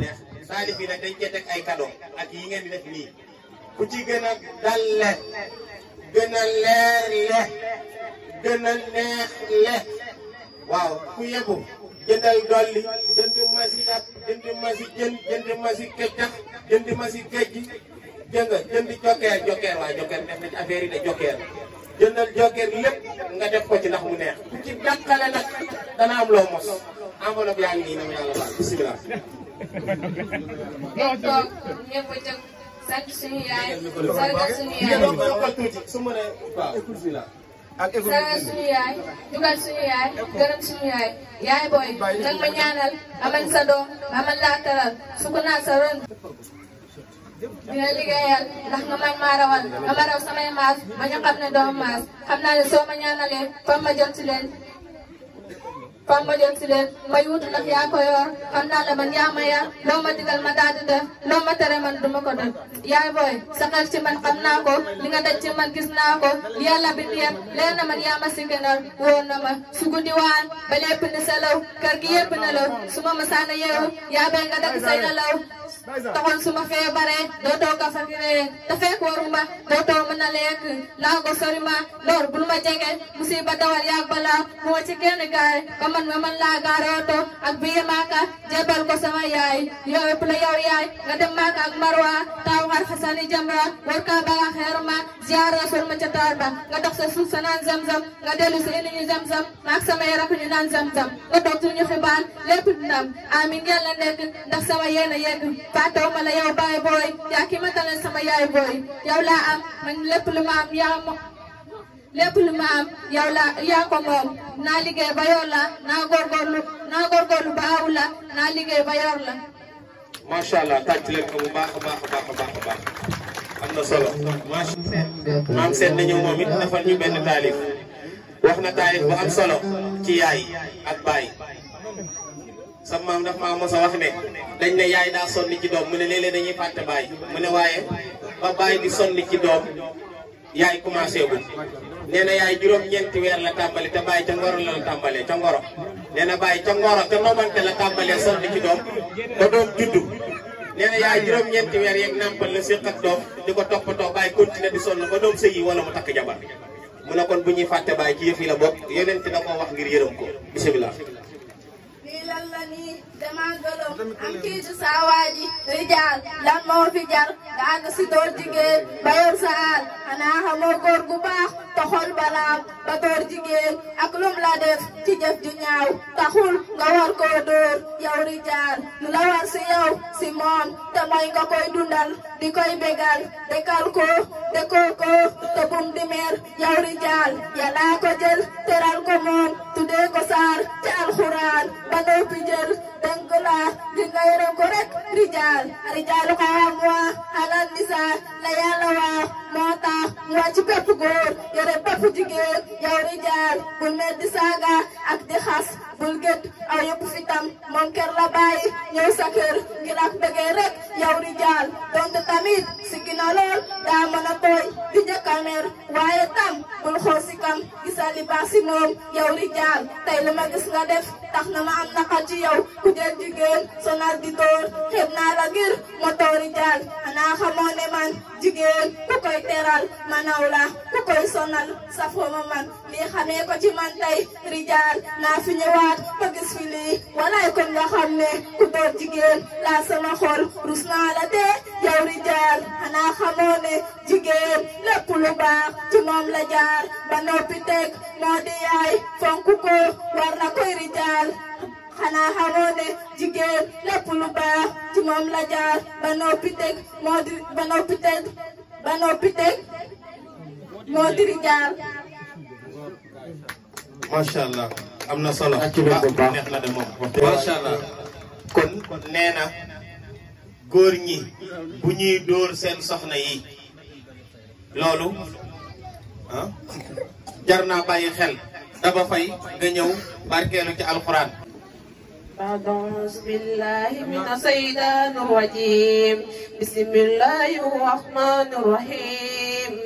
neex taalib yi nag dañ cee teg ay cadeau ak yi ngeen di def nii ku ci gën a dal le gën a leer le gën a neex le waaw ku yebu jëndal dolli jënd masi at jënd masi jën jënd masi keccax jënd masi kecci jënd jokkeer jokkeer waaw jokkeer def na ci jokkeer jëndal jokkeer lépp nga def ko ci ndax mu neex ku ci dàqale nag dana am loo mos enveloppe yaa ngi nii nam yàlla baal bisimilah ngeen toog sant suñu yaay sargal suñu yaay ak suñu yaay gërëm suñu yaay yaay booy nag ma ñaanal amal sa a amal laa taral sukk naa sa ron dina liggéeyal ndax nga man maa rawal nga ma raw samay maas ma ñu xam ne doom maas xam naa ne ma ñaanalee fam ma jot ci kon ma jël si leen ma yuutu nag yaa ko yor xam naa ne man yaa ma yar loo digal ma daal di def loo man du ko def. yaay booy sa xel ci man xam naa ko li nga daj ci man gis naa ko yàlla bi di yem leer na man yaa ma si gënal wóor na waan ba lépp ni sa law kër gi yëpp law su ma masaana yeewu yaa bay nga dagg say law. taxal suma feebaree dootoo ka fakiree te fekk waruma dootoo mën a lekk laa ko sori ma lor bul ma jege musiba dawal yaag balaa mu ci kenn gaare ba man ma man laa gaareeto ak biye maaka jebal ko sama yaay yow yëpp la yow yaay nga dem maaka ak marwa taaw xar xasani jamra war kaa bala xeer ma ziyaara sol ma ca taar ba nga dox sa suuf sa naan zamzam nga dellu si indi ñu zamzam maak sama yarak ñu naan zamzam nga toog ñu xibaan lépp ndam amin yàlla nekk ndax sama yéene yegg fàttewu ma la yow baay booy yaa ki ma sama yaay booy yow laa am man lépp lu ma am la yaa ko moom liggéey ba yor la naa góorgóorlu naa ba aw la naa liggéey ba yor la. macha allah tàcc leen ko baax a baax a baax baax baax am solo. macha allah maam seet moom it defal ñu benn taalif wax na taalif bu am solo ci yaay ak baay. sa maam daf maa mos a wax ne dañ ne yaay daa sonni ci doom mu ne léeg-léeg dañuy fàtte baay mu ne waaye ba baay di sonni ci doom yaay commencé gul nee na yaay juróom-ñeenti weer la tàmbali te baay ca ngoro la la tàmbalee ca ngoro nee na baay ca ngoro te nomante la tàmbalee sonni ci na yaay juróom-ñeenti weer yeeg nàmpal la séq ak doom di ko toppatoo baay continué di sonn ba doom sëyi wala mu takk jabar mu ne kon bu ñuy fàtte baay ci yëf yi la bokk yonent da koo wax ngir yërëm ko bisimilah nii dama am kiitu saa waaji rijaal lan moo fi jar nga àgg si jigéen ba yor sa gu baax toxol balaam ba jigéen ak lum la def ci jëf ju ñaaw taxul nga war dóor yow rijaal lu la war si yow te mooy nga koy dundal di koy bégal dekal ko dekoo te bum di mer yow rijaal yàllaa ko jël teral ko moom alxuraan ba noppi jël dënk la ngayon korek rijal rijal ko amwa alan disa layala wa mota mwa ci pep goor yere pep jigeen yow rijal bu med saga ak di khas bu get ayep fitam mon ker la bay ñew sa ker ngir ak bege rek yow rijal donte tamit sikina lol da mana toy di jekamer waye tam bu xosi kam gisali basi mom yow rijal tay lama gis nga def tax na ma am naka ci yow ku jël jigeen so sonar di tóor xeeb naa la ngir ma tóori jaal xanaa man jigéen ku koy teral ma naw la koy sonal safoo man lii xamee ko ci rijaal naa fi ñëwaat ba gis walaay kon nga xam ne ku dóor jigéen laa sama xol la te yow rijaal xanaa xamoo ne jigéen lépp lu baax la jaar ba noppi teg moo di yaay fonk koy rijaal xanaa xamoo ne jigéen lépp lu baax ci moom la jaar ba noppi teg moo jaar. macha allah am na solo. ak ci baax neex na de moom. macha allah kon nee góor ñi bu ñuy dóor seen soxna yi loolu ah jar naa bàyyi xel. dafa fay nga ñëw barkeelu ci alxuraan. أعوذ بالله من الشيطان الرجيم بسم الله الرحمن الرحيم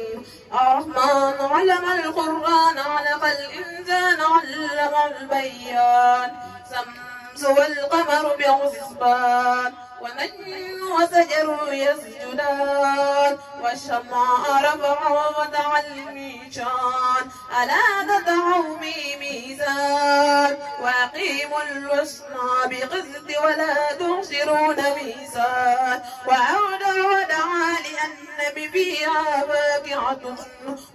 الرحمن علم القرآن علق الإنسان علم البيان الشمس والقمر بحسبان ونجم وشجر يسجدان والشمع رفع ودعا الميشان ألا تدعوا مي ميزان وأقيموا الوسن بقسط ولا تحصرون ميزان وأودع ودعا لأن بفيها فاكهة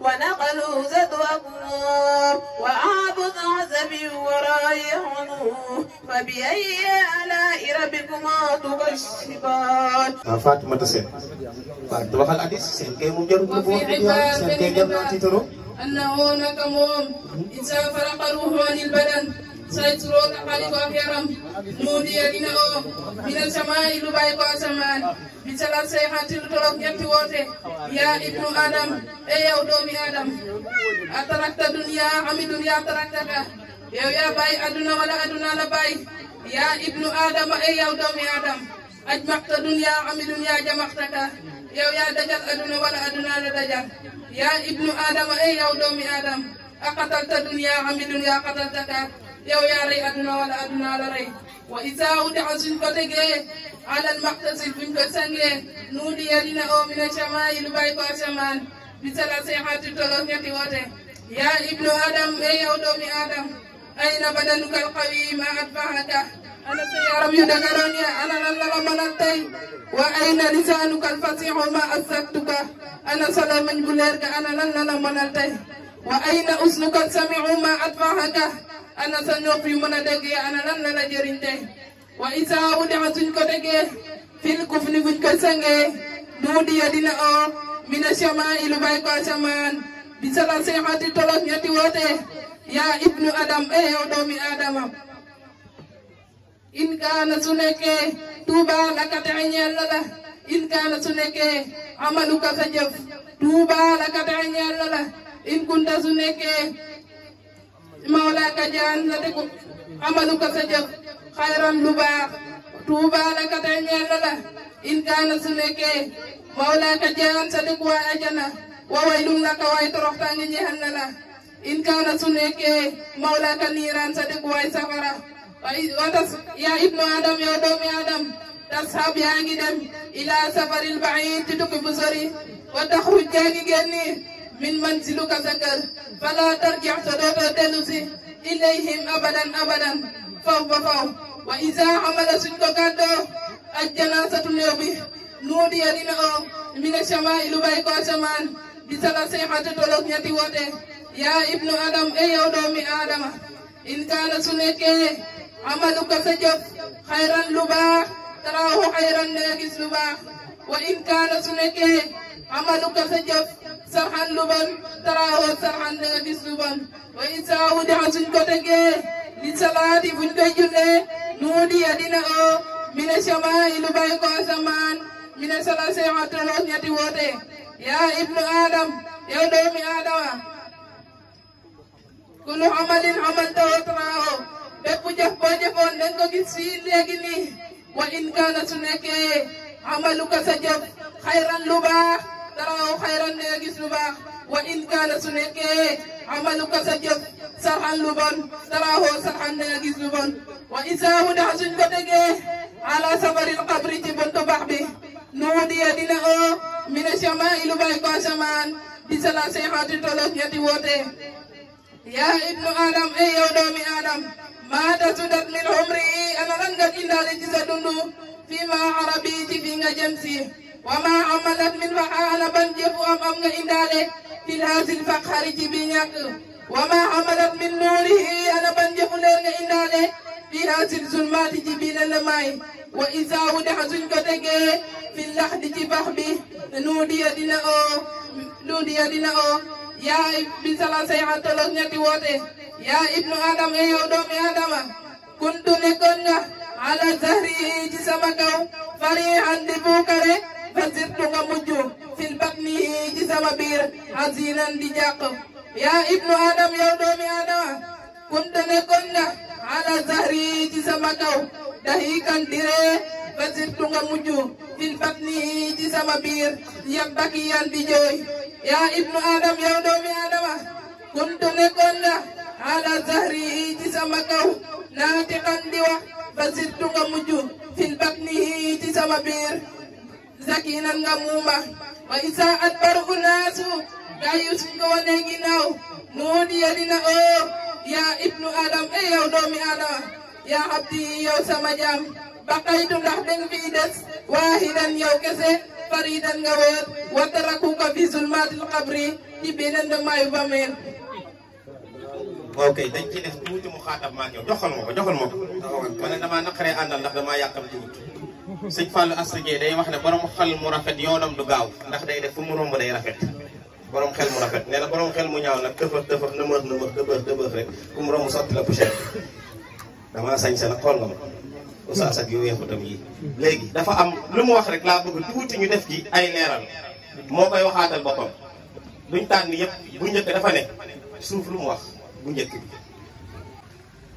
ونقلوا زد أقمار وأعبد عزبي وراي عنوه فبأي آلاء ربكما تكذبان آه، فاطمة سين فاطمة خل حديث سين كي مجر سين كي جرنا تترو أنه هناك موم إذا فرق الروح عن البدن sayturo nafani ko keram mudi yadina o minal sama ilu bay ko saman mi salat sey hatil tolok yetti wote ya ibnu adam e yaw domi adam atarakta dunya ami dunya taraktaka yow ya bay aduna wala aduna la bay ya ibnu adam e yaw domi adam ajmakta dunya ami dunya jamaktaka yow ya dajal aduna wala aduna la dajal ya ibnu adam e yaw domi adam أقتلت دنيا عم دنيا قتلتك يو ياري أدنى ولا أدنى لري وإذا ودع زنفتك على المقتصد في كتنك نودي لنا أو من شمائل بايكو شمال بثلاثة حات تلوثية وته يا ابن آدم أي أدم آدم أين بدنك القوي ما أدفعك أنا سيارم يدقرني أنا لله منتي وأين لسانك الفصيح ما أسكتك أنا سلام بلرك أنا لله منتي وأين أسنك السميع ما أدفعك ana sa nopp yu mën ana lan la jëriñ te wa isaa u dema suñ ko déggee fil kuf ni buñ ko duudi ya dina oo mina shamaan ilu bay ko shamaan bi sala seexati tolog ñetti woote yaa ibnu adam e yow doomi in kaana su nekkee tuuba la ka texe in kaana su nekkee amaluka sa jëf tuuba la ka texe ñeel in kunta su mawlaaka jaan la dëggu amalu ko sa jëf xayran lu baax tuubaa la in kaana su nekkee mawlaaka jaan sa dëggu ajana wa waylun laka waay toroxtaange ñeel na in kaana su nekkee mawlaaka niiraan sa dëggu safara wa tas yaa ibnu doomi adam tasxab yaa ngi dem ila safaril baid ci tukki bu wa taxruj yaa ngi من منزلك سكر فلا ترجع سبب دلسي إليهم أبدا أبدا فوق فوق وإذا عمل سنتك الجنازة اليوم نودي لنا من الشمائل بيكو شمال بسلسي حاجة لغنية وده يا ابن آدم أي دومي آدم إن كان سنك عملك سجف خيرا لبا تراه خيرا ناقص لبا وإن كان سنك عملك سجف sarxan lu bon taraawoo sarxan dafis lu bon wa isaa wu di suñ ko tegee li salaati buñ koy jullee nuudiya dina oo mine shamaayi lu bay ko asamaan mine salasee waxtaloos ñetti ya ibnu adam yow ya mi adama kulu amalin amaltahu taraawoo bépp ya jëf boo jëfoon dañ ko gis fii léegi nii wa in kaana su amaluka sa taraw khairan ne gis lu bax wa in kana su amaluka sa jëf sarxan lu bon tarawoo sarhan ne gis lu bon wa isaahu ndax suñ ko dege ala sabaril xabri ci to bax bi nuudiya dina o min shama ilu bay ko shaman di sala tolok yati wote ya ibnu adam ay yow mi adam maa sudat min umri ana lan ga indaale ci sa dundu fi ma arabi ci fi nga وما عملت من وحال بنجه أمام إندالي في هذه الفخار تبينك وما عملت من نوره أنا بنجه لرغ إندالي في هذه الظلمات تبين لماي وإذا ودع ذلك تجي في اللحظة تبحبي نودي دينا أو نودي دينا أو يا ابن سلام سيعة تلوغنة تواتي يا ابن آدم أيو دومي آدم كنت نكونا على زهري جسمك فريحا دبوكري fa sirtu nga mujj fil azinan di jàq yaa ibnu adam yow doomi adama kunta ala zahri ci dahikan diree fa sirtu nga mujj fil batni ci sama biir ya ibnu adam yow doomi adama kunta ala zahri ci sama kaw naatiqan di wax fa sirtu nga Zakinan nga muuma wa isa at baru naasu gayus nga wane ginaaw nuudi yalina o ya ibnu adam e yow doomi adama ya habdi yow sama baka baqaytu ndax deng fi wahidan waahidan kese faridan nga wataraku wa tarakuka kabri, zulmatil qabri ci beneen damaayu bameel ok dañ ciy def tuuti mu xaatam maa ñëw joxal ma ko joxal ma ko. man damaa ndax ci sëñ Fallou Asta Gueye day wax ne borom xel mu rafet yoonam du gaaw ndax day def fu mu romb day rafet borom xel mu rafet nee na borom xel mu ñaaw nag tëfër tëfër nëmër nëmër tëfër tëfër rek fu mu romb sotti la poussière damaa sañ sa nag xool nga ma oustaz ak yu weexu tam yi léegi dafa am lu mu wax rek laa bëgg tuuti ñu def ci ay leeral moo koy waxaatal boppam duñ tànn yëpp bu njëkk dafa ne suuf lu mu wax bu njëkk bi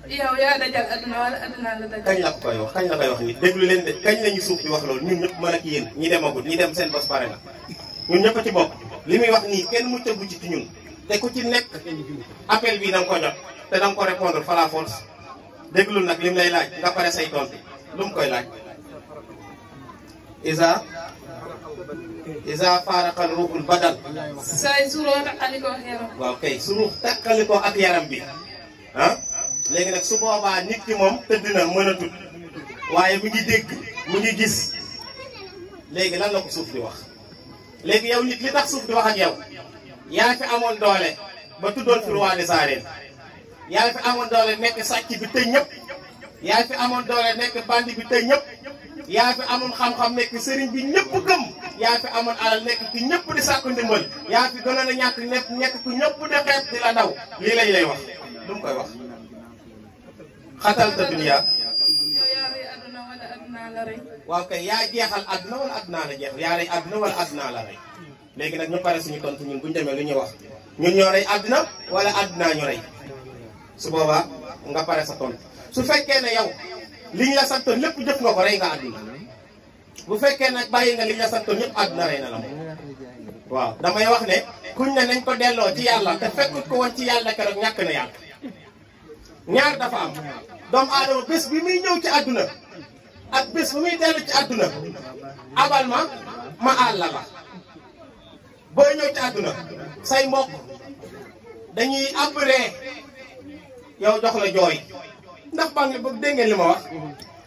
yow yaa dajal adduna wala adduna la dajal. kañ la ko koy wax kañ la koy wax nit déglu leen de kañ la ñu suuf di wax loolu ñun ñëpp mën ak yéen ñi demagul ñi dem seen bos pare na ñun ñëpp a ci bokk li muy wax nii kenn mucc bu ci ci ñun te ku ci nekk appel bii da nga ko jot te da nga ko répondre par la force déglu nag lim lay laaj nga pare say tontu lu mu koy laaj. Isa. Isa faaraqal ruuxul badal. say suroo taqali ko ak yaram. waaw kay surux ak yaram bi ah. léegi nag su boobaa nit ki moom tëdd na mën mënatut waaye mu ngi dégg mu ngi gis léegi lan la ko suuf di wax léegi yow nit li tax suuf di wax ak yow yaa fi amoon doole ba tuddoon fi roi des arènes yaa fi amoon doole nekk sàcc bi tëj ñëpp yaa fi amoon doole nekk bandi bi tëj ñëpp yaa fi amoon xam-xam nekk sëriñ bi ñëpp gëm yaa fi amoon alal nekk ki ñëpp di sàkku ndimbal yaa fi gënoon a ñàkk nekk nekk ku ñëpp di xeet di la daw lii lañ lay wax xatal ta duniya waaw kay yaa jeexal àdduna wala àddunaa la yaa rey àdduna wala àddunaa la rey léegi nag ñu pare suñu tontu ñun bu ñu demee lu ñuy wax ñun ñoo rey àdduna wala àddunaa ñu rey su boobaa nga pare sa tontu su fekkee ne yow li ñu la santoon lépp jëf nga ko rey nga àdduna bu fekkee nag bàyyi nga li ñu la santoon ñëpp àdduna rey na la moom waaw damay wax ne kuñ ne nañ ko delloo ci yàlla te fekkut ko woon ci yàlla keroog ñàkk na yàlla ñaar dafa am doomu aadama bés bi muy ñëw ci àdduna ak bés bi muy dellu ci àdduna abal ma ma àll la boo ñëw ci àdduna say mbokk dañuy appeler yow jox la jooy ndax ba nga bëgg dégg li ma wax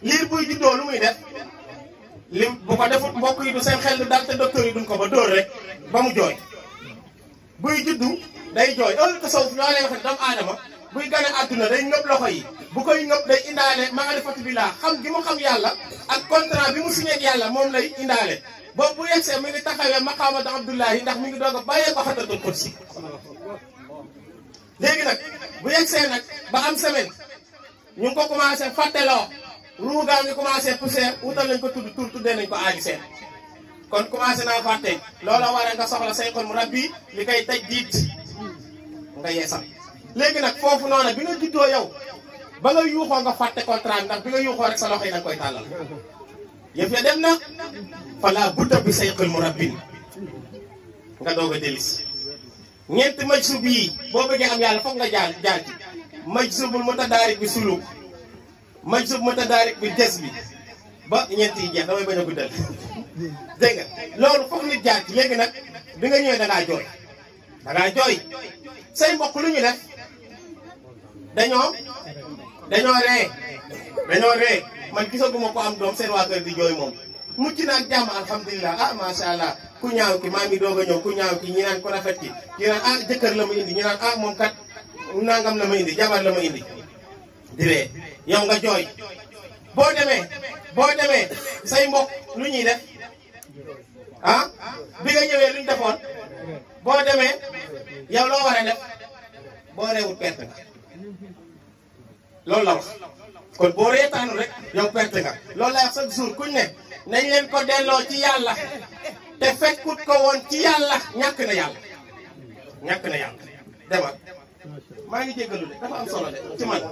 liir buy juddoo lu muy def lim bu ko defut mbokk yi du seen xel du dal te docteur yi duñ ko ba dóor rek ba mu jooy buy juddu day jooy loolu tasawuf ñoo lay wax ne doomu aadama buy gane àdduna day ñëpp loxo yi bu koy ñëpp day indaale maarifatu billah xam gi mu xam yàlla ak contrat bi mu signé ak yàlla moom lay indaale boobu bu yegsee mi ngi taxawee maqaamatu abdullahi ndax mi ngi doog a bàyyee ba xatatul kursi léegi nag bu yegsee nag ba am semaine ñu ngi ko commencé fàtteloo ruugaa ngi commencé pousser wutal nañ ko tudd tur tuddee nañ ko aaji seen kon commencé naa fàtte loola waree nga soxla say kon mu rabbi li koy taj diit nga léegi nag foofu noonu bi nga juddoo yow ba nga yuuxoo nga fàtte contrat ndax bi nga yuuxoo rek sa loxo yi da nga koy tàllal yëf ya dem na fala budda bi sayqil murabbin nga doog a dellis ñeenti majsub yi boo bëggee am yàlla foog nga jaar jaar ci majsubul mutadaarik bi suluk majsub mutadaarik bi des bi ba ñeenti yi jeex damay bañ a guddal dégg nga loolu foog nit jaar ci léegi nag bi nga ñëwee dangaa jooy dangaa jooy say mbokk lu ñu def dañoo dañoo ree dañoo ree man gisaguma ko am doom seen waa kër di jooy moom mucc na ak jàmm alhamdulilah ah macha allah ku ñaaw ki maa ngi doog a ñëw ku ñaaw ki ñi naan ko rafet ki ñi naan ah jëkkër la ma indi ñi naan ah moom kat nangam la ma indi jabar la ma indi di ree yow nga jooy boo demee boo demee say mbokk lu ñuy def ah bi nga ñëwee luñ defoon boo demee yow loo war a boo reewut perte nga loolu la wax kon boo reetaanu rek yow perte nga loolu la chaque jour kuñ ne nañ leen ko delloo ci yàlla te fekkut ko woon ci yàlla ñàkk na yàlla ñàkk na yàlla demal maa ngi jéggalu de dafa am solo de ci man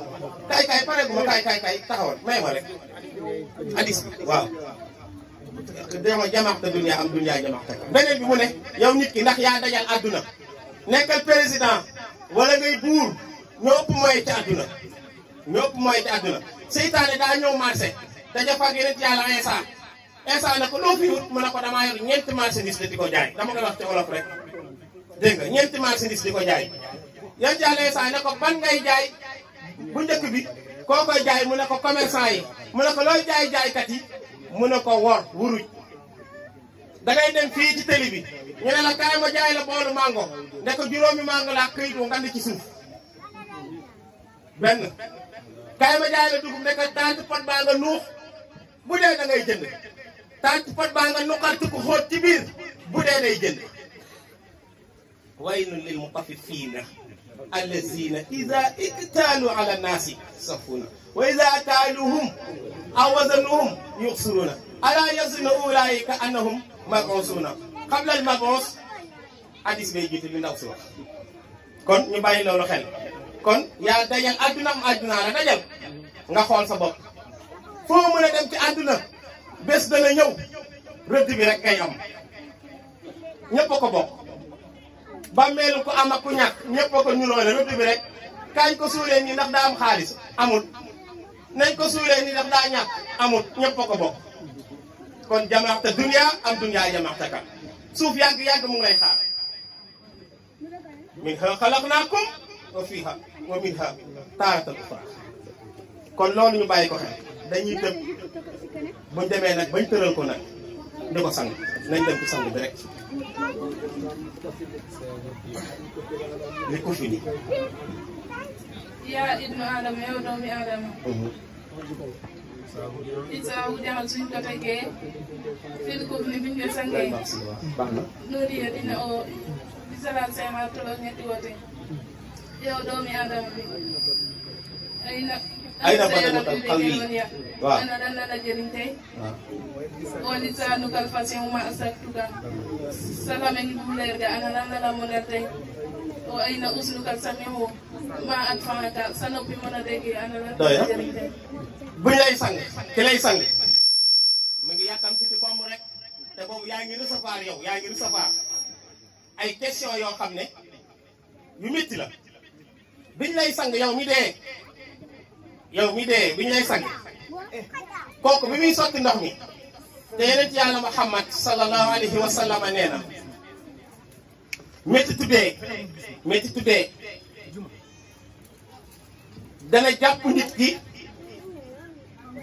kaay kaay pare gu ma kaay kaay kaay taxawal may ma rek hadis bi waaw dama jamaxta dunya am dunya beneen bi mu ne yow nit ki ndax yaa dajal àdduna nekkal président wala ngay buur ñoo ëpp mooy ci àdduna ñëpp mooy ci àdduna seytaane daa ñëw marché daja fag yonent yàlla Insa Insa na ko loo mu ne ko damaa yor ñeenti marchandise de di ko jaay dama koy wax ci wolof rek dégg nga ñeenti marchandise di ko jaay yonent yàlla Insa ne ban ngay jaay bu njëkk bi koo koy jaay mu ne ko commerçant yi mu ne ko looy jaay jaaykat yi mu ne ko wor wuruj da ngay dem fii ci tëli bi ñu ne la kaay ma jaay la boolu mango ne ko juróomi mango laa këyit wu ngand ci suuf benn ويل للمطففين الذين إذا اكتالوا على الناس صفونا وإذا اكالوهم أو وزنوهم يخسرون ألا يظن أولئك أنهم مبعوثون قبل المبعوث حديث بيجي في النفس كون نباين لو خير kon yaa dajal adduna am adduna la a dem ci adduna bés dana ñëw rëdd bi rek ngay am ñëpp ko bokk bàmmeelu ku am ak ku ñàkk ñëpp ko ñuloole rëdd bi rek kañ ko suuree nii ndax daa am xaalis amul nañ ko suuree nii ndax daa ñàkk amul ñëpp ko bokk kon jamaxta dunya am dunya jamaxta ka suuf yàgg yàgg mu ngi lay xaar min xalaqnaakum wa fiiha wa minha taaratan uxraa kon loolu ñu bàyyi ko xel dañuy tëb buñ demee nag bañ tëral ko nag di ko sang nañ dem ci sang bi ni yaa ni biñ ko sangee noonu ya dina oo di salaat say maa toloog ñetti woote yow doomi aadama bi ay na ay na ba dama tam xal yi waaw ana dan la jëriñ tey boo lisaanu kal fasin ma asaktuka salamen bu leer ga ana lan la mën a tey oo ay na uslu kal samihu ma ak fanaka sa noppi mën a déggee ana lan la jëriñ tey bu lay sang ki lay sang mu ngi yàkkam ci ci bomb rek te boobu yaa ngi recevoir yow yaa ngi recevoir ay question yoo xam ne yu métti la biñ lay sang yow mi dee yow mi dee biñ lay sang kooku bi muy sotti ndox mi te yeneen ci Muhammad sallallahu alayhi wa sallam nee na métti tuddee métti dana jàpp nit ki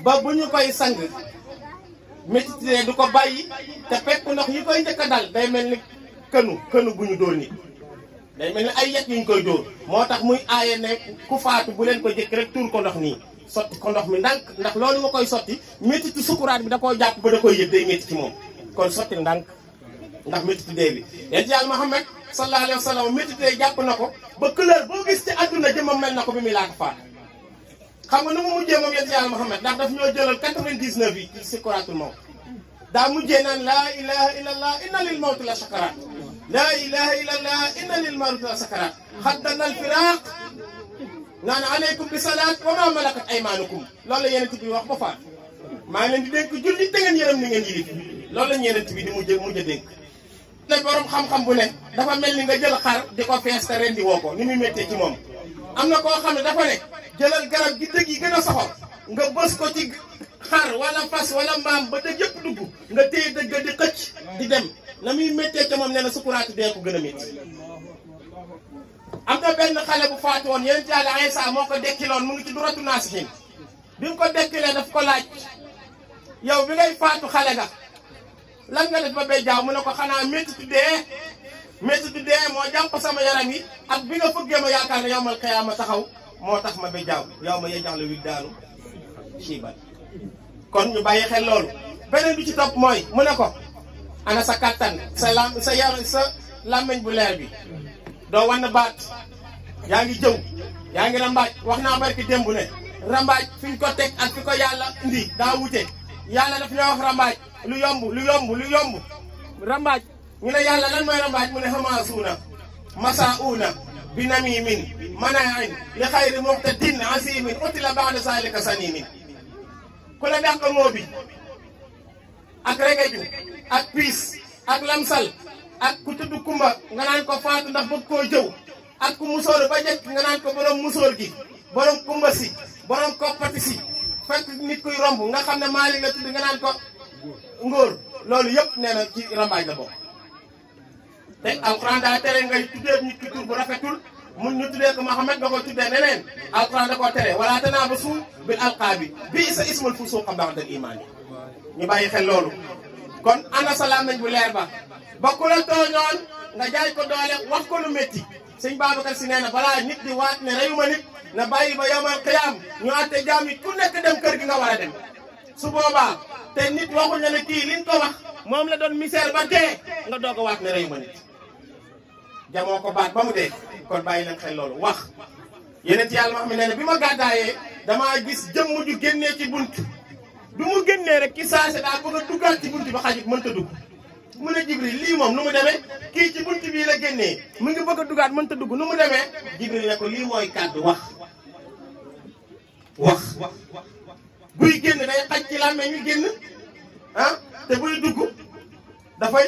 ba bu ñu koy sang métti tuddee du ko bàyyi te fekk ndox yi koy njëkk dal day mel ni kënu kënu bu ñu dóor nit day mel ni ay yet yuñ koy dóor moo tax muy aaye ne ku faatu bu leen koy jëkk rek ko ndox nii sotti ko ndox mi ndànk ndax loolu nga koy sotti métti ci sukuraat bi da koo jàpp ba da koy yëg day métti ci ndax métti ci bi yéen ci yàlla Muhammad sallallahu alayhi wa sallam na ko ba couleur boo gis ci àdduna jëmmam na ko bi muy laata faat xam nga nu mu mujjee moom yéen ci yàlla Muhammad ndax daf ñoo jëlal 99 yi ci sukuraatul mawt daa mujjee naan laa ilaha illallah inna lil mawti la sakaraat لا إله إلا الله إن للموت سكرات خدنا الفراق نان عليكم بصلاة وما ملكت أيمانكم لولا ينتي بي واخ بفات ما ننتي ديك جولي تا نين يرم نين يري لولا ينتي بي دي موجي موجي ديك دا بروم خام خام بو نه دا فا ملني nga jël xar diko fester rendi woko ni mi metti ci mom amna ko xamne dafa nek jëlal garab gi deug yi gëna soxor nga bëss ko ci xar wala fas wala mbam ba da jëpp dugg nga téy deug di xëc di dem na muy méttee ca moom nee na sukuraatu dee ko gën a métti am na benn xale bu faatu woon yéen yàlla Iisaa moo ko dekkiloon mu ngi ci duratu naasihin bi mu ko dekkilee daf ko laaj yow bi ngay faatu xale nga lan nga def ba bay jaaw mu ne ko xanaa métti dee métti dee moo jàpp sama yaram yi ak bi nga fëggee ma yaakaar ma yawmal qiyaama taxaw moo tax ma bay jaaw yow ma yejax la wil daanu siiban kon ñu bàyyi xel loolu beneen bi ci topp mooy mu ne ko ana sa saya sa lam sa yaram sa làmmiñ bu leer bi doo wann baat yaa rambat jëw yaa rambaaj wax barki dembu ne rambaaj fiñ ko tek ak fi yalla indi da wuté yalla daf ñoo wax rambaaj lu yomb lu yomb lu yomb rambaaj ñu ne yalla lan moy rambaaj mu ne manaain li khayri muqtadin asimin utila ba'da saalika sanimin ku la dàq bi ak regaju ak pis ak lamsal ak ku tuddu kumba nga nan ko faatu ndax bu ko jëw ak ku musor ba jek nga nan ko borom musor gi borom kumba si borom pati si fekk nit koy romb nga xamne mali la tuddu nga nan ko ngor lolou yep neena ci rambaaj la bok te alquran da tere ngay tuddee nit ki tur bu rafetul mu ñu tuddee ko mohammed da ko tuddee neneen alquran da ko tere wala tanaabasu bil alqabi, bi sa ismul fusuuqa ba'dal iman. ñu bàyyi xel loolu kon ana salaam nañ bu leer ba ba ku la tooñoon nga jaay ko doole wax ko lu métti sëñ Babacar si nee na balaa nit di waat ne reyuma nit na bàyyi ba yomal xiyaam ñu àtte jaam yi ku nekk dem kër gi nga war a dem su boobaa te nit waxuñ la ne kii liñ ko wax moom la doon misère ba dee nga doo ko waat ne reyuma nit jamoo ko baat ba mu dee kon bàyyi leen xel loolu wax yeneen ci yàlla ma xam nee na bi ma gàddaayee damaa gis jëmm ju génnee ci bunt bi mu génnee rek ki saase daa bëgg a duggaat ci bunti bi xajut mënta dugg mu ne Jibril lii moom nu mu demee kii ci bunti bii la génnee mu ngi bëgg a duggaat mënta dugg nu mu demee Jibril ne ko lii mooy kàddu wax wax buy génn day xaj ci làmmee ñu génn ah te buy dugg dafay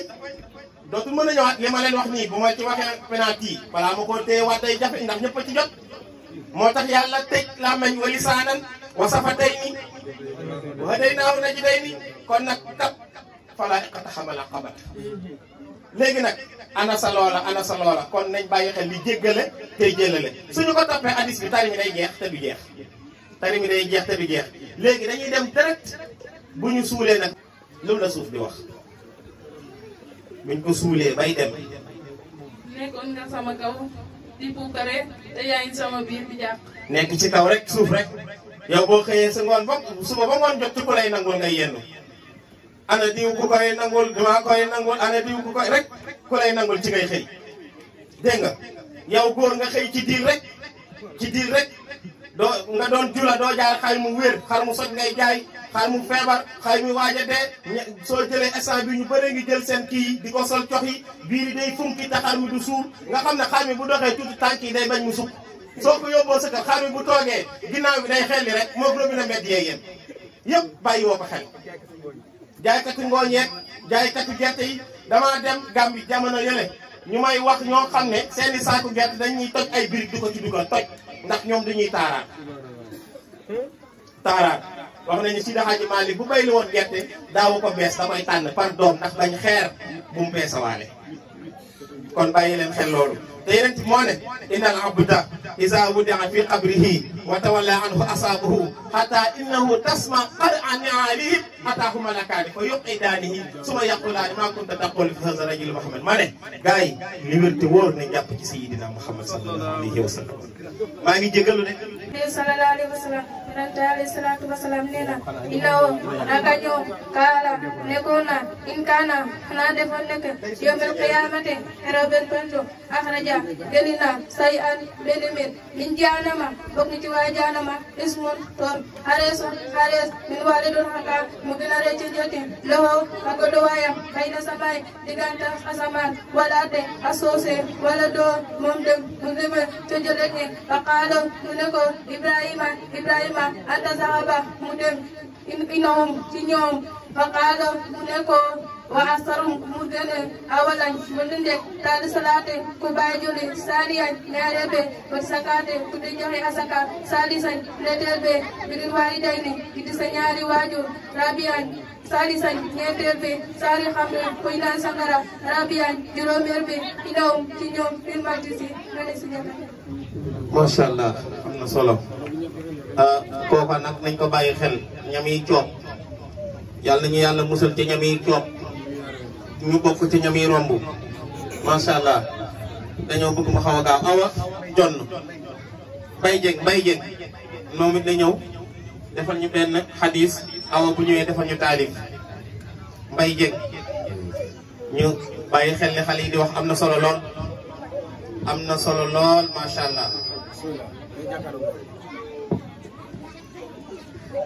dootul mën a ñëwaat li ma leen wax nii bu ma ci waxee penalty yi balaa ma koo téyewaat day jafe ndax ñëpp a ci jot moo tax yàlla teg làmmeñ wa lisaanan wa safatayni ba day naaw na ji day ni kon nag kat falaa iqata xamala xabat léegi nag ana sa loola ana sa loola kon nañ bàyyi xel di jéggale tey jëlale suñu ko toppee hadis bi tari mi day jeex te du jeex tari mi day jeex te du jeex léegi dañuy dem direct bu ñu suulee nag lu la suuf bi wax buñ ko suulee bay dem nekkoon nga sama kaw di puukare te yaa sama biir bi jàpp nekk ci kaw rek suuf rek yow boo xëyee sa ngoon ba suba ba ngoon jot ci ku lay nangul ngay yendu ana diw ku koy nangul dama koy nangul ana diw ku koy rek ku lay nangul ci ngay xëy dégg nga yow góor nga xëy ci diil rek ci diil rek doo nga doon jula doo jaay xaay mu wér xar mu soj ngay jaay xaay mu feebar xaay mu waaj a soo jëlee instant bi ñu bëree ngi jël seen kii di ko sol cox yi bii day funki taxaar mi du suur nga xam ne xaay mi bu doxee tuuti tànk yi day bañ mu sukk soo ko yóbboo sa kër xar bi bu toogee ginnaaw bi day xelli rek moo robinet na mbedd yee yem yëpp bàyyi woo ko xel jaaykatu ngooñeek jaaykatu gerte yi dama dem Gàmbi jamono yële ñu may wax ñoo xam ne seeni saaku gerte dañuy toj ay birig du ko ci dugal toj ndax ñoom dañuy taaraan taaraan wax nañu si daxaaji Maalik bu bay li woon gerte daawu ko bees da koy tànn par doom ndax bañ xeer bu mu beesawaale kon bàyyi leen xel loolu تيرنت مون ان العبد اذا ودع في قبره وتولى عنه اصابه حتى انه تسمع قرع عليه حتى هما لكاد فيقيدانه ثم يقول ما كنت تقول في هذا الرجل محمد مان جاي نيرت وور ني جاب سيدنا محمد صلى الله عليه وسلم ما هي جيغلو صلى الله عليه وسلم yonante alayhi salaatu wasalaam nee na ilawo naka ñëw kaala nekkoon na in kaana xanaa defoon nekk yawmal qiyaamate xeraw ben panto axraja gëli na say an benimir min jaanama bokk ci waa jaanama ismun toor xareeson xarees min waale doon xaka mu gën a rëcc joti loxo ak dowaayam xëy na samaay diggante asamaan wala te asoose wala door moom dëgg mu demee ca jëlet ne ba qaalo mu ne Ibrahima Ibrahima anta zahaba mu dem inahum ci ñoom fa qaala mu ne ko wa asarum mu gëne awalan mu dinde taali salaate ku bàyyi julli saaniyan ñaareel be wa sakaate ku di joxe asaka saalisan ñetteel be bilil waalidayni di sa ñaari waajur rabiyan saalisan ñeenteel be saari xamre kuy naan sangara rabiyan juróomeel be inahum ci ñoom fil majlisi nga ne si am na solo Ah, kooka nag nañ ko bàyyi xel ñamiy coob yàlla nañu yàlla musal ci ñamiy coob ñu bokk ci ñamiy romb macha allah dañoo bëgg mu xaw a gaaw awa jonn bay jeg bay jeg moom it ñëw defal ñu benn xadis awa bu ñëwee defal ñu taalif bay jeg ñu bàyyi xel ne xale yi di wax am na solo lool am na solo lool macha allah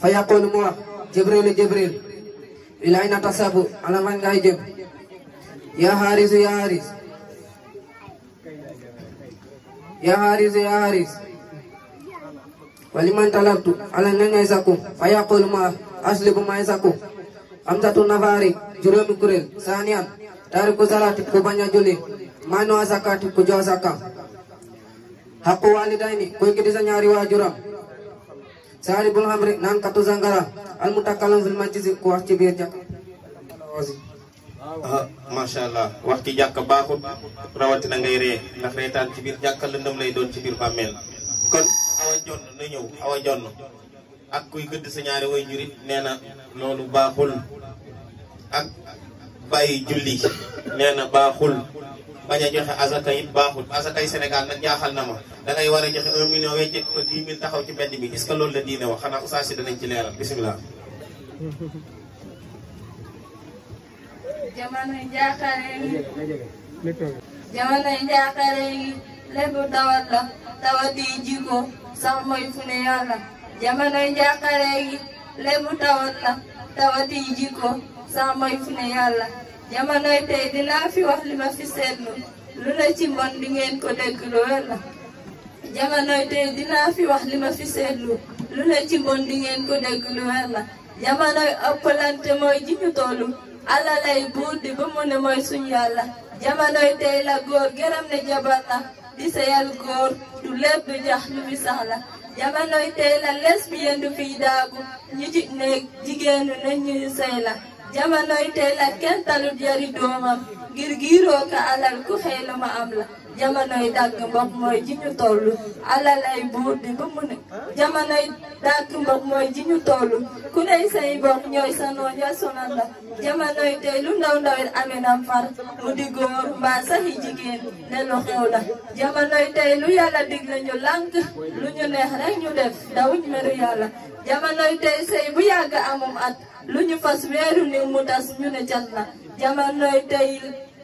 fa mu jibril jibril ilaina tasabu alaman man ya haris ya haris ya haris ya haris waliman talabtu ala nanga isaku sakku fa yaqulu mu wax aslibu may nafari juróomi kuréel saaniyan tariku salati ku banya juli manu ku jo asaka hakku walidaini, kuy gidi sa saari bul xam rek naan katu zangara al mutakalam fil majlis ku wax ci biir jàkk ah, macha allah wax ci jàkk baaxut rawatina ngay ree ndax reetaan ci biir jàkk lëndëm lay doon ci biir bàmmeel kon awa jonn na ñëw awa jonn ak kuy gëdd sa ñaari way jurit nee na loolu baaxul ak bàyyi julli nee na baaxul baña joxe azaka yi baxul azaka yi senegal nag jaaxal na ma da ngay wara joxe 1 million wéccé ko 10000 taxaw ci mbedd bi est-ce que loolu la diiné wax xana oustaz ci dañ ci léral bismillah jamono njaaxare yi jamono njaaxare yi lépp tawat la tawat jiko sax moy fune ne yàlla jamono njaaxare yi lépp tawat la tawat jiko sax moy fune ne jamonoy tey dinaa fi wax li ma fi seetlu lu ne ci mbon di ngeen ko dégg lu wér la. jamonoy tey dinaa fi wax li ma fi seetlu lu ne ci mbon di ngeen ko dégg lu wér la jamonoy ëppalante mooy ji ñu tollu ala lay buur di ba ne mooy suñu yàlla. jamonoy tey la góor gërëm ne jabar la di seyal góor du lépp jax lu bi sax la. jamonoy tey la lesbienne du fiy daagu ñu ci néeg jigéenu ne ñu sey la. jamonoy tey la kenn talut doomam ngir giiroo alal ku xeelu ma am la jamonoy dagg mboq mooy ji ñu toll alalay buur bi ba mu ne jamonoy dagg mooy ji ñu toll ku ney say bokk ñooy sa noon ya sonal la jamonoy tey lu ndaw ndaw it amee na far mu di góor mbaa saxi jigéen ne lu xew la jamonoy tey lu yàlla digle ñu lànk lu ñu neex rek ñu def dawuñ meru yàlla jamonoy tey sëy bu yàgg amum at lu ñu fas weeru ni mu tas ñu ne cat la jamonoy tey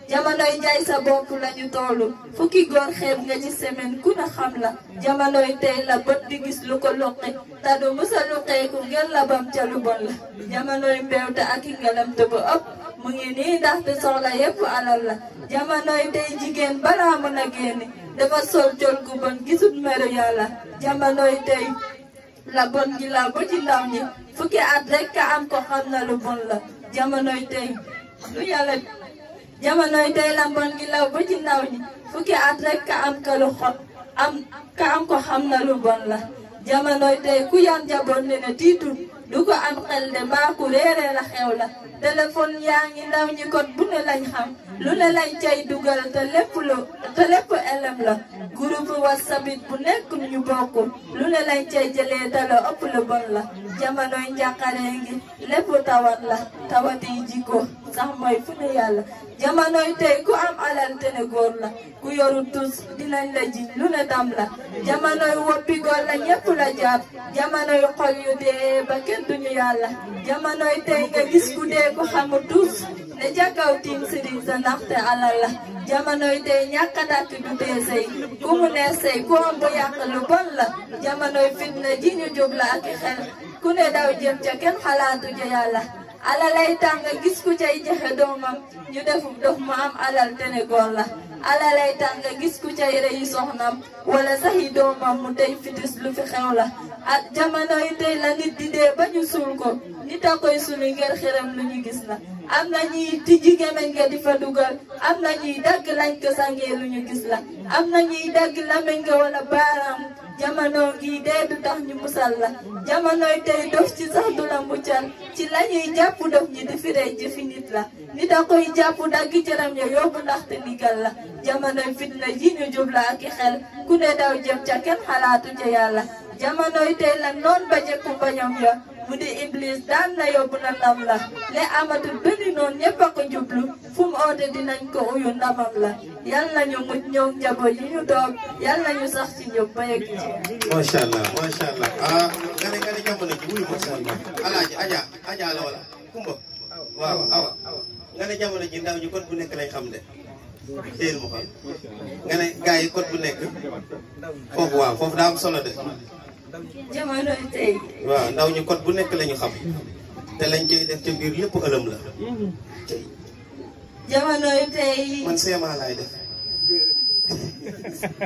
jamonoy jaay sa bopp lañu tollu fukki góor xeeb nga ci semaine ku na xam la jamonoy tey la bët di gis lu ko loqi te du musa luqeeku ngeen la bam ca lu bon la jamonoy te ba ëpp mu ngi nii ndaxte soxla la jamonoy tey jigéen balaa a génn dafa sol gu bon gisul meru la bon gi la bu ci ndaw ñi fukki at rekk am ko xam na lu bon la jamonoy tey jamanoy tey la mbon gi law ba ci ñi fukki at rek ka am ka lu xot am ka am ko xam na lu bon la jamonoy tey ku yan jaboon ne ne tiitu du ko am xel de mbaa ku réere la xew la téléphone yaa ngi ndaw ñi kon bu ne lañ xam lu ne lañ cay dugal te lépp lu te lépp elem la groupe whatsapp it bu nekk ñu bokk lu ne lañ cay jëlee te la ëpp lu bon la jamonoy njàqare ngi lépp tawat la tawat yi jikko sax mooy fu ne yàlla jamonoy tey ku am alal te ne góor la ku yoru tus dinañ la ji lu ne dam la jamonoy woppi góor la ñépp la jàpp jamonoy xol yu dee ba kenn duñu yàlla jamonoy tey nga gis ku dee dee ko xamul tus ne ca kaw tiim sëriñ sa ndaxte alal la jamonoy tey ñàkk a dàkk du tee sëy ku neex sëy ku am bu yàq lu bon la jamonoy fitna ji ñu jóg la ak xel ku ne daw jëm ca kenn xalaatu ja yàlla alalay tax nga gis ku cay jexe doomam ñu defub dof mu am alal te ne góor la alalay tax nga gis ku cay reyi soxnam wala saxi doomam mu tey fitis lu fi xew la ak jamonoy tey la nit di dee ba ñu suul ko li tax koy sulu ngir xiram lu ñu gis la am na ñuy tijji gémmiñ nga di fa dugal am na ñuy dagg lañ ko sàngee lu ñu gis la am na ñuy dagg lamiñ nga wala baaraam jamono gi dee du tax ñu musal la jamonoy tey dof ci sax du la muccal ci la ñuy jàpp dof ñi di firee jëfi nit la nit a koy jàpp dagg cëram ya yóbbu ndaxte ndigal la jamonoy fitna ji ñu jubla ak i xel ku ne daw jëm ca kenn xalaatu ca yàlla jamonoy tey la noon ba jekku ya bu di Iblis daan na yóbbu na ndam la ne amatul benn noonu a ko jublu fu mu oote dinañ ko uyu ndamam la yal nañu mucc ñoom njaboot yi ñu toog yal nañu sax ci ñoom ba yegg ci. macha allah macha allah ah nga ne la wala kumba waaw awa nga ne jamono ji ndaw ñi kon bu nekk lañ xam de. téel ma ko nga ne gars yi kon bu nekk foofu waaw foofu daa am solo de. jamono tey. waaw ndaw ñu kot bu nekk la ñu xam. te lañ cay def ca biir lépp ëlëm la. tey. tey. man seema laay def.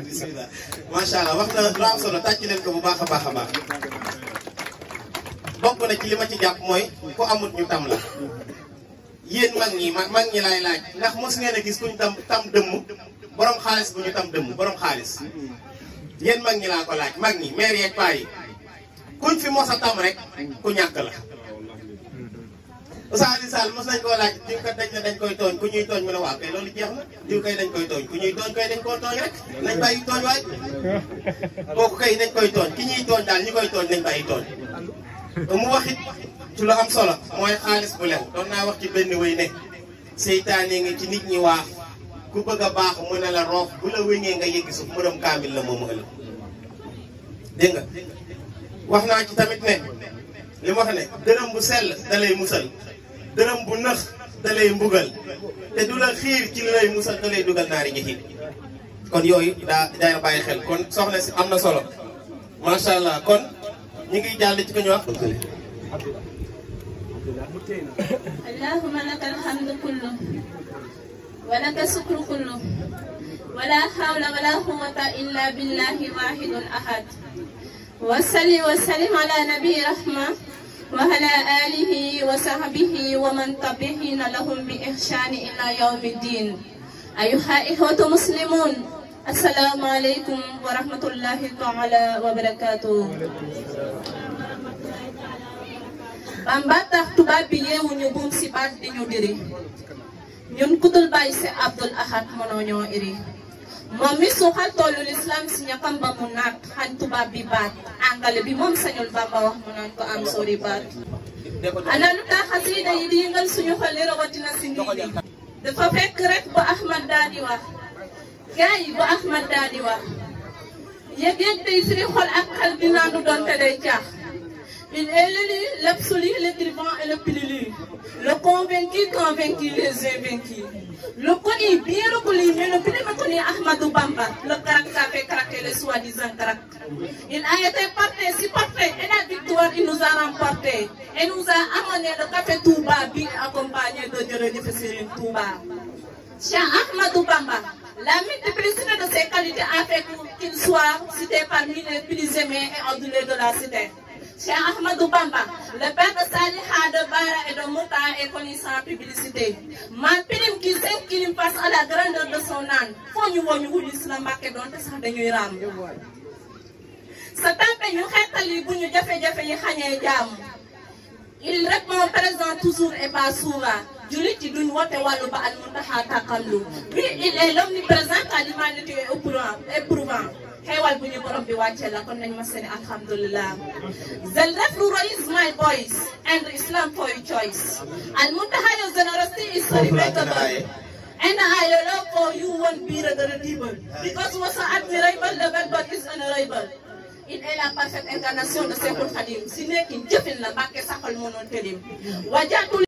bisimilah macha allah wax na am solo tàcc leen ko bu baax a baax a baax. bokk na ci li ma ci jàpp mooy ku amut ñu tam la. yéen mag ñi mag mag ñi laay laaj ndax mos ngeen a gis kuñ tam tam dëmm borom xaalis bu ñu tam dëmm borom xaalis. yéen mag ñi laa ko laaj mag ñi maire yeeg paa yi kuñ fi mos a tam rek ku ñàkk la Oustaz Alioune Sall mos nañ koo laaj diw kat dañ ne dañ koy tooñ ku ñuy tooñ mu ne jeex na diw kay dañ koy dañ koo tooñ rek nañ bàyyi tooñ waay kooku kay nañ koy tooñ ki ñuy tooñ daal ñi koy tooñ nañ bàyyi tooñ mu waxit ci lu am solo mooy xaalis bu lew doon naa wax ci benn wéy ne seytaane ngi ci nit ñi waa ku bëgg a baax mu ne la roof bu la wéñee nga yëgg suuf mu kaamil la moomu ëllëg dégg nga wax naa ci tamit ne li wax ne dërëm bu sell da lay musal dërëm bu nëx da lay mbugal te du la xiir ci li lay musal da lay dugal naari njaxiit kon yooyu daa daa bàyyi xel kon soxna si am na solo macha allah kon ñu ngi jàll ci ko ñu wax allahumma lakal hamdu kullu ولا تسكر كله ولا حول ولا قوة إلا بالله واحد أحد وصلي وسلم على نبي رحمة وعلى آله وصحبه ومن تبعهن لهم بإحسان إلى يوم الدين أيها الإخوة المسلمون السلام عليكم ورحمة الله تعالى وبركاته Pambatah tubabi ye unyubum sibat dinyudiri. ñun kudul bàyyi si abdul ahad mënoo ñoo iri moom mi suuxal toolu lislaam si ñakam ba mu naat xañ tubaab bi baat àngale bi moom sañul bàmba wax mu naan ko am sori baat ana lu tax xasiida yi di yëngal suñu xol li rawatina si nit yi dafa fekk rek bu ahmad daa di wax gaa bu ahmad daa di wax yëgeet day firi xol ak xel bi naanu doonte day caax Il est l'élu, l'absolu, l'écrivain et le pilulu. Le convaincu, convaincu, les invaincus. Le connu, bien le connu, mais le plus connu, Ahmadou Bamba. Le crack fait craquer le soi-disant crack. Il a été parfait, si parfait, et la victoire, il nous a remporté. Et nous a amené le café Touba, bien accompagné de Dieu le difficile Touba. Cher Ahmadou Bamba, la multiplicité de ses qualités a fait qu'il soit cité parmi les plus aimés et douleur de la cité. Cheikh Ahmadou Bamba, le père de Saliha de Bara et de Mouta est connu sans publicité. Ma prime qui s'incline face à la grandeur de son âme. Faut nous voir nous l'islam marqué dans sa dernière âme. Sa tempe nous rétalit pour nous jafé jafé yéhané jam. Il répond présent toujours et pas souvent. Julit idun wote waluba al-muntaha takamlu. Lui, il est l'omniprésent à l'humanité éprouvant. xewal bu borom bi la kon nañ ma seen the left is my voice and Islam for your choice and muntaha generosity is celebrable and I love for you won't be regrettable because was an admirable level but is honorable il est la parfaite incarnation de Seexul Xadim si nekkin jëfin la bàkke saxal moo tërim wajatul